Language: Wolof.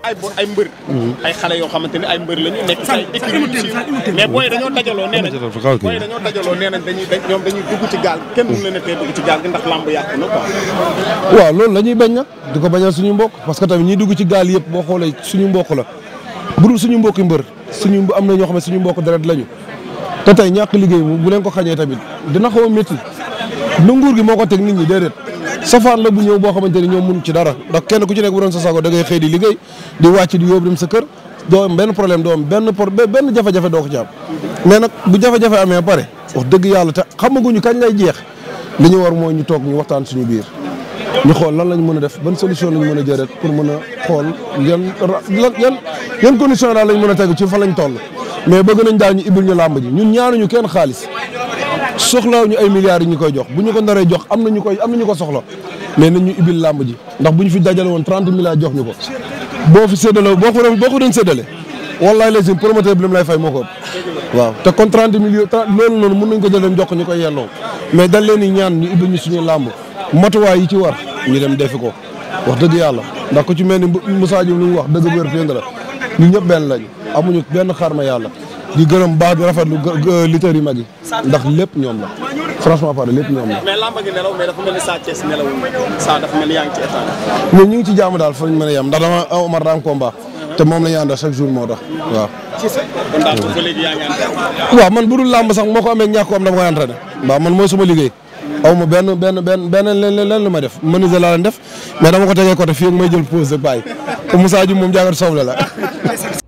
ay bo mbër. Mhm. ay xale yoo xamante ne ay mbër lañu nekk ay équipe mais booy dañoo dajaloo nee nañ booy dañoo dajaloo nee nañ dañuy ñoom dañuy dugg ci gaal kenn mënu leen a tee dugg ci gaal gi la ñuy bañ nag di ko bañal suñu mbokk parce que tamit ñiy dugg ci gaal yëpp boo xoolee suñu mbokk la bu dul suñu mbokki mbër suñu am na ñoo xam ne suñu mbokk deret lañu te tey ñàkk liggéey bu leen ko xañee tamit dina xaw a nu nguur gi moo ko teg nit ñi déedéet safaan la bu ñëw boo xamante ni ñoom mënu ci dara ndax kenn ku ci nekk bu doon sa sago da ngay xëy di liggéey di wàcc di yóbbu dem sa kër doo benn problème doo am benn por benn jafe-jafe doo ko ci am mais nag bu jafe-jafe amee pare wax dëgg yàlla te xamaguñu kañ lay jeex li ñu war mooy ñu toog ñu waxtaan suñu biir ñu xool lan lañ mën a def ban solution lañu mën a jëret pour mën a xool yan yan yan condition daal lañ mën a teg ci fa lañ toll mais bëgg nañ daal ñu ibil ñu làmb ji ñun ñaanuñu kenn xaalis ñu ay milliards yi ñu koy jox bu ñu ko naree jox am na ñu koy am na ñu ko soxla mais nañ ñu ibil làmb ji ndax bu ñu fi dajale woon trente milliards jox ñu ko boo fi séddale boo ko doon boo ko doon séddale wallaay la si promoteur bi lim lay fay moo ko waaw te kon trente millions loolu noonu mën nañ ko jël dem jox ñu ko yelloo mais dañ leen di ñaan ñu ibil ñu suñu làmb matuwaay yi ci war ñu dem defi ko wax dëgg yàlla ndax ku ci mel ni Moussa Diouf lu mu wax dëgg bu wér la ñëpp benn lañ amuñu benn xarma yàlla di gërëm baax di rafet lutteurs yu mag yi ndax lépp ñoom la franchement parlé lépp ñoom la. mais làmb gi nelaw mais dafa mel dafa ñu ngi ci jaamu daal fa mën a yem ndax uh-huh. te moom la ñu àndal jour moo waaw. kon man bu dul sax moo ko am dama koy entraîné waaw man suma liggéey. aw benn benn benn benn lenn lu ma def menuisier laa leen def mais dama ko tegee côté fii ak may jël pause rek bàyyi Moussa Diouf moom jàngat soble la.